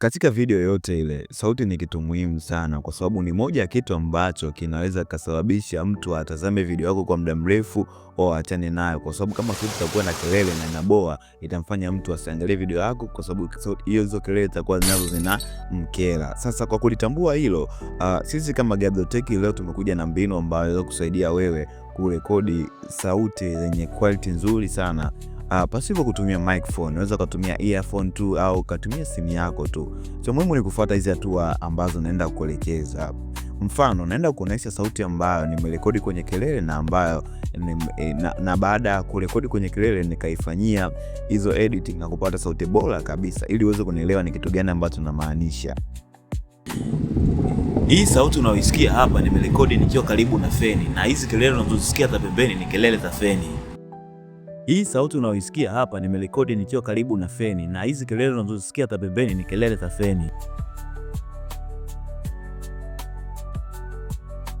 Katika video yote ile sauti ni kitu muhimu sana, kwa sababu ni moja ya kitu ambacho kinaweza kasababisha mtu atazame video yako kwa muda mrefu au aachane nayo, kwa sababu kama sauti itakuwa na kelele na inaboa, itamfanya mtu asiangalie video yako, kwa sababu hizo kelele zitakuwa zinazo zina mkera. Sasa kwa kulitambua hilo, uh, sisi kama Gabdotech leo tumekuja na mbinu ambayo inaweza kusaidia wewe kurekodi sauti zenye quality nzuri sana uh, pasipo kutumia microphone. Unaweza ukatumia earphone tu au ukatumia simu yako tu. So muhimu ni kufuata hizi hatua ambazo naenda kuelekeza Mfano, naenda kuonesha sauti ambayo nimerekodi kwenye kelele na ambayo ni, e, na, na baada ya kurekodi kwenye kelele nikaifanyia hizo editing na kupata sauti bora kabisa, ili uweze kunielewa ni kitu gani ambacho namaanisha. Hii sauti unaoisikia hapa nimerekodi nikiwa karibu na feni, na hizi kelele unazozisikia za pembeni ni kelele za feni. Hii sauti unaoisikia hapa nimerekodi nikiwa karibu na feni, na hizi kelele unazosikia ta pembeni ni kelele za feni.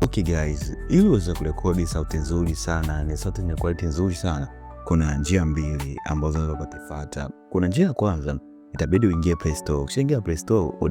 Okay guys, ili uweze kurekodi sauti nzuri sana na sauti yenye quality nzuri sana, kuna njia mbili ambazo unaweza kuzifuata. Kuna njia ya kwanza itabidi uingie Play Store. Ukishaingia Play Store, u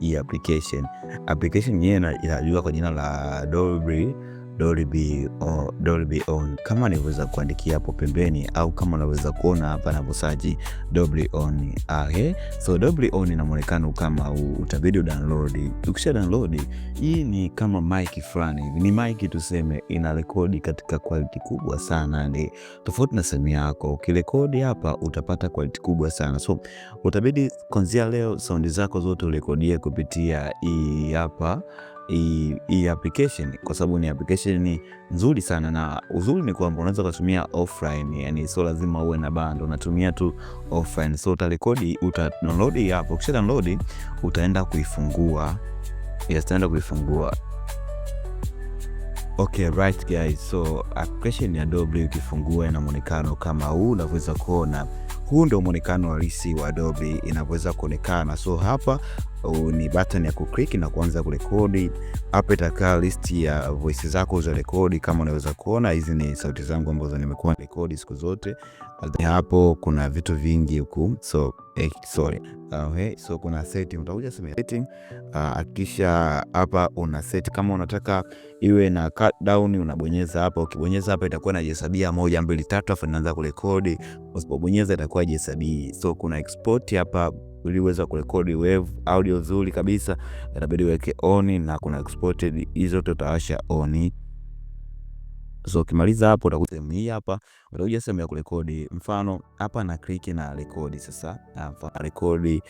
hii application. Application yenyewe inajua kwa jina la Dolby Dolby on, Dolby on. Kama niweza kuandikia hapo pembeni au kama unaweza kuona hapa navyosaji Dolby on. Okay. So Dolby on ina mwonekano kama utabidi download. Ukisha download, hii ni kama mic fulani, ni mic tuseme ina rekodi katika quality kubwa sana, ni tofauti na simu yako. Ukirekodi hapa utapata quality kubwa sana, so utabidi kuanzia leo saundi zako zote urekodie kupitia hii hapa hii application kwa sababu ni application nzuri sana, na uzuri ni kwamba unaweza kutumia offline, yani sio lazima uwe na bando, unatumia tu offline. So utarekodi, uta download hapo, kisha download utaenda kuifungua. Yes, utaenda kuifungua. Okay, right guys, so application ya Adobe ukifungua ina muonekano kama huu unavyoweza kuona. Huu ndio muonekano halisi wa Adobe inavyoweza kuonekana. So hapa Uh, ni button ya kuklik na kuanza kurekodi. Hapa itakaa listi ya voice zako za rekodi. Kama unaweza kuona, hizi ni sauti zangu ambazo nimekuwa rekodi siku zote. Hapo kuna vitu vingi huku, so eh, sorry uh, hey, so kuna setting, utakuja sema setting uh, hakikisha uh, hapa una set kama unataka iwe na countdown unabonyeza hapa. Ukibonyeza hapa itakuwa na jihesabia moja mbili tatu, afu inaanza kurekodi. Usipobonyeza itakuwa jihesabia. So kuna export hapa ili uweza kurekodi wave audio nzuri kabisa, inabidi uweke on na kuna exported hizo zote utawasha on. So ukimaliza hapo utakuta sehemu hii hapa, utakuja sehemu ya kurekodi. Mfano hapa na click na rekodi sasa, mfano rekodi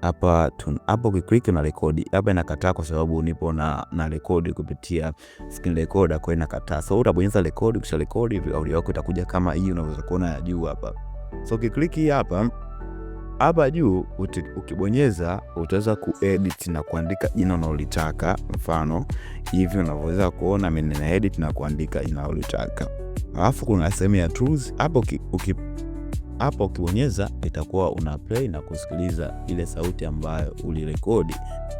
hapa hapo, ukiklik na rekodi hapa inakataa, kwa sababu nipo na na rekodi kupitia screen recorder, kwa inakataa. So utabonyeza rekodi, kisha rekodi audio yako itakuja kama hii unavyoweza kuona ya juu hapa. So ukiklik hapa hapa juu ukibonyeza utaweza kuedit na kuandika jina unalolitaka. Mfano hivi unavyoweza kuona mimi nina edit na kuandika jina unalolitaka, alafu kuna sehemu ya tools hapo. Hapo ukibonyeza itakuwa una play na kusikiliza ile sauti ambayo ulirekodi,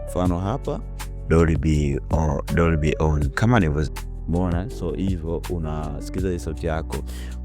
mfano hapa Dolby or Dolby on kama mona So hivyo unasikiliza ile sauti yako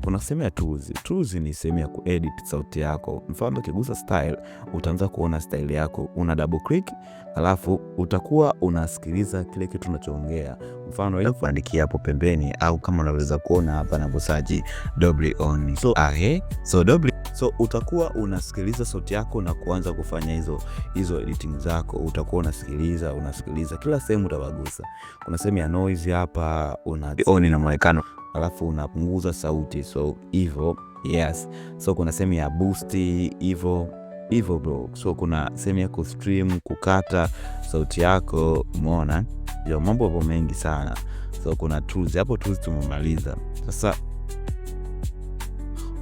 kuna sehemu ya tools. Tools ni sehemu ya kuedit sauti yako. Mfano ukigusa style, utaanza kuona style yako, una double click, alafu utakuwa unasikiliza kile kitu unachoongea. Mfano hapo kuandikia hapo pembeni, au kama unaweza kuona hapa na busaji double on so ahe so double so utakuwa unasikiliza sauti yako na kuanza kufanya hizo hizo editing zako. Utakuwa unasikiliza unasikiliza, kila sehemu utabagusa. Kuna sehemu ya noise hapa, una on na muonekano alafu unapunguza sauti, so hivyo yes. So kuna sehemu ya boost hivyo hivyo bro, so kuna sehemu ya kustream, kukata sauti yako, umeona ndio mambo hapo mengi sana. So kuna tools hapo, tools tumemaliza sasa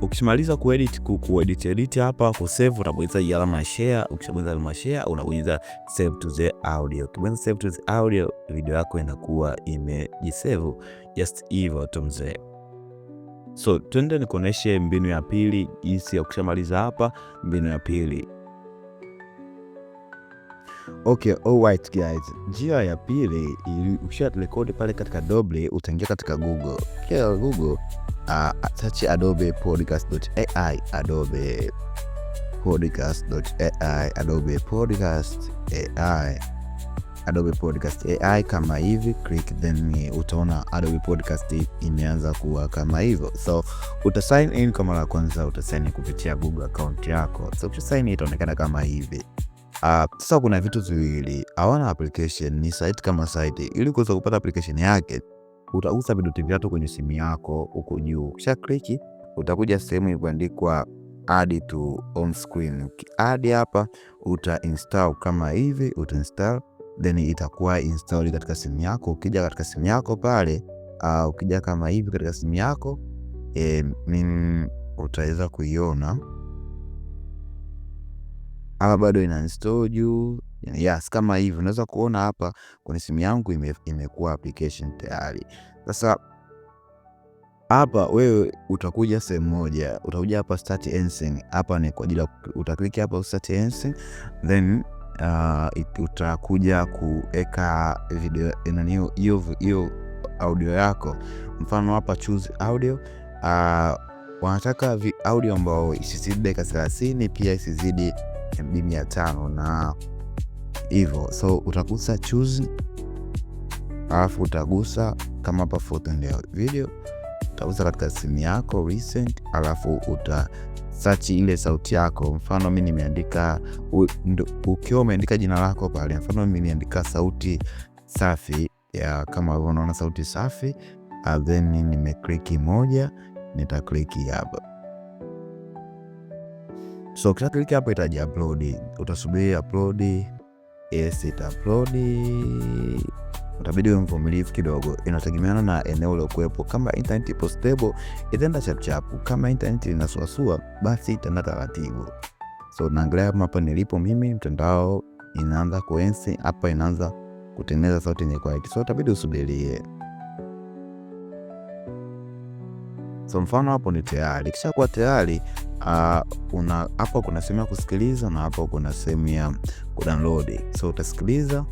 ukishamaliza kuedit kuedit edit hapa save unabonyeza alama ya share. Ukishabonyeza alama ya share, unabonyeza save to the audio. Ukibonyeza save to the audio, video yako inakuwa imejisave. Just hivyo tu mzee. So twende nikuoneshe mbinu ya pili, jinsi ya. Ukishamaliza hapa, mbinu ya pili Okay, alright guys, njia ya pili, ukisha rekodi pale katika Adobe, utaingia katika Google, Okay, Google uh, search Adobe Podcast.ai, Adobe Podcast.ai, Adobe podcast AI Adobe podcast AI kama hivi, click then utaona Adobe Podcast imeanza kuwa kama hivyo, so uta sign in. mara ya kwanza uta sign kupitia Google account yako, so ukisha sign itaonekana kama hivi. Uh, sasa kuna vitu viwili, hawana application ni site kama site. Ili kuweza kupata application yake, utagusa vidoti vitatu kwenye simu yako huko juu, kisha click, utakuja sehemu iliyoandikwa add to home screen. Ukiadi hapa uta install kama hivi, uta install then itakuwa install katika simu yako. Ukija katika simu yako pale, uh, ukija kama hivi katika simu yako eh, mm, utaweza kuiona ama bado ina install juu yes, kama hivyo unaweza kuona hapa kwenye simu yangu ime, imekuwa application tayari. Sasa hapa wewe utakuja sehemu moja, utakuja hapa start ensign. Hapa ni kwa ajili ya utaklik hapa start ensign then uh, utakuja kuweka video nani hiyo audio yako, mfano hapa choose audio uh, wanataka audio ambayo isizidi dakika 30 pia isizidi MB 500 na hivyo, so utagusa choose, alafu utagusa kama hapa photo ndio video, utagusa katika simu yako recent, alafu uta search ile sauti yako. Mfano mi nimeandika, ukiwa umeandika jina lako pale, mfano mi niandika sauti safi ya kama unaona sauti safi, then nimekliki moja, nitakliki hapa So kisha click hapa itaji upload, utasubiri upload. Yes, ita upload. Utabidi uwe mvumilivu kidogo, inategemeana na eneo uliokuwepo. Kama internet ipo stable itaenda chapchapu, kama internet inasuasua basi itaenda taratibu. So naangalia hapa nilipo mimi, mtandao inaanza kuensi hapa, inaanza kutengeneza sauti yenye quality, so itabidi usubirie. So mfano hapo ni tayari, kisha kuwa tayari uh, una hapo, kuna sehemu ya kusikiliza na hapo kuna sehemu ya kudownload. So utasikiliza.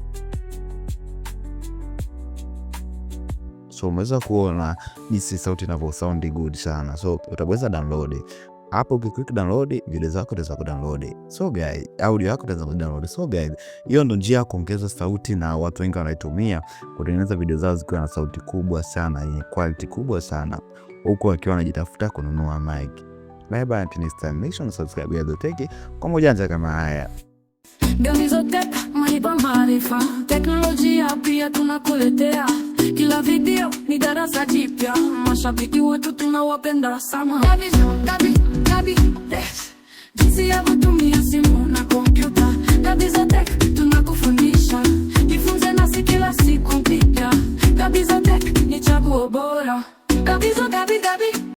So umeweza kuona jinsi sauti inavyo sound good sana, so utaweza download hapo ukiklik download video zako utaweza kudownload. So guys, audio yako utaweza kudownload. So guys, hiyo ndo njia ya kuongeza sauti na watu wengi wanaitumia kutengeneza video zao zikiwa na sauti kubwa sana yenye quality kubwa sana huku akiwa anajitafuta kununua maiki. Kwa mojanja kama haya mwanipa maarifa, teknolojia pia tunakuletea. Kila video ni darasa jipya, mashabiki wetu tunawapenda sana. Jinsi ya kutumia simu na kompyuta, tunakufundisha, jifunze nasi kila siku mpya. ni chaguo bora.